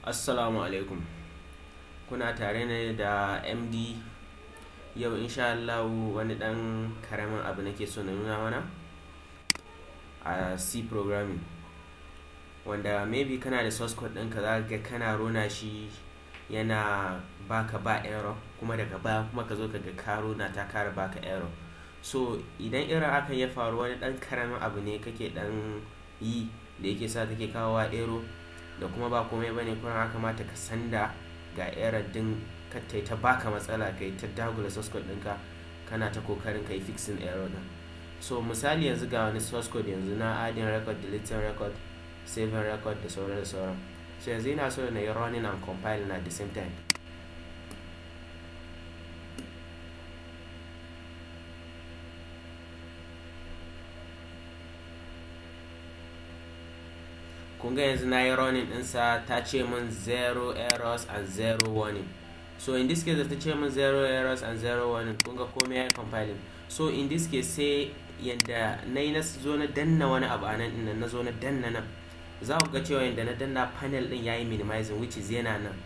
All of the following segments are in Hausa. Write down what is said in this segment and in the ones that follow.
assalamu alaikum kuna tare ne da md yau insha Allah wani dan karamin abu nake so na nuna mana a c programming wanda maybe kana da source code ɗinka za ga kana rona shi yana baka ba error kuma daga baya kuma ka zo ka ga ka rona ta kara baka error so idan irin hakan ya faru wani dan karamin abu ne kake dan yi da yake sa take kawo error da kuma ba komai bane kuma haka mata ka sanda ga error din katai ta baka matsala kai ta dagula source code dinka kana ta kokarin kai fixing error din so misali yanzu ga wani source code yanzu na adin record deleting record saving record da sauran da sauran so yanzu ina so na yi running and compiling at the same time kun ga yanzu na yi running dinsa ta ce min zero errors and zero warning so in this case ta ce min zero errors and zero warning kun ga komai ya yi compiling so in this case sai yadda na yi na zo na danna wani abu a nan na zo na danna nan za ku ga cewa yadda na danna panel din ya yi minimizing which is yana nan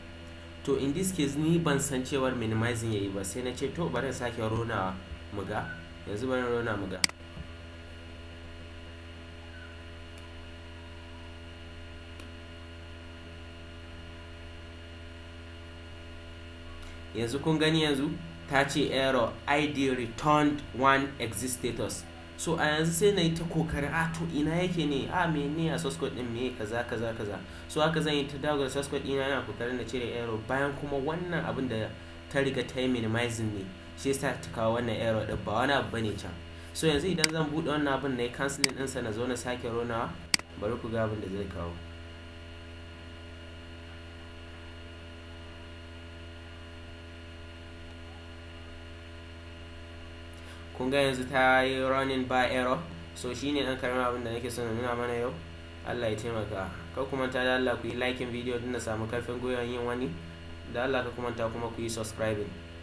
to in this case ni ban san cewar minimizing ya yi ba sai na ce to bari sake ronawa muga yanzu bari rona muga yanzu kun gani yanzu ta ce error id returned one exit status so a yanzu sai na yi ta kokari a ah, to ina yake ne a ah, me ne a source code din me kaza kaza kaza so haka zan yi ta dawo source code ina na kokarin na cire error bayan kuma wannan abin da ta riga ta yi minimizing ne shi yasa ta kawo wannan error din ba wani abu bane can so yanzu idan zan bude wannan abin na yi canceling din sa na zo na sake ronawa bari ku ga abin da zai kawo kun ga yanzu ta yi running by error so shi ne dan karamin abin da nake son nuna mana yau Allah ya taimaka ka kuma ta da Allah ku yi likin video din na samu karfin gwiwa yin wani da Allah ka kuma ta kuma ku yi subscribing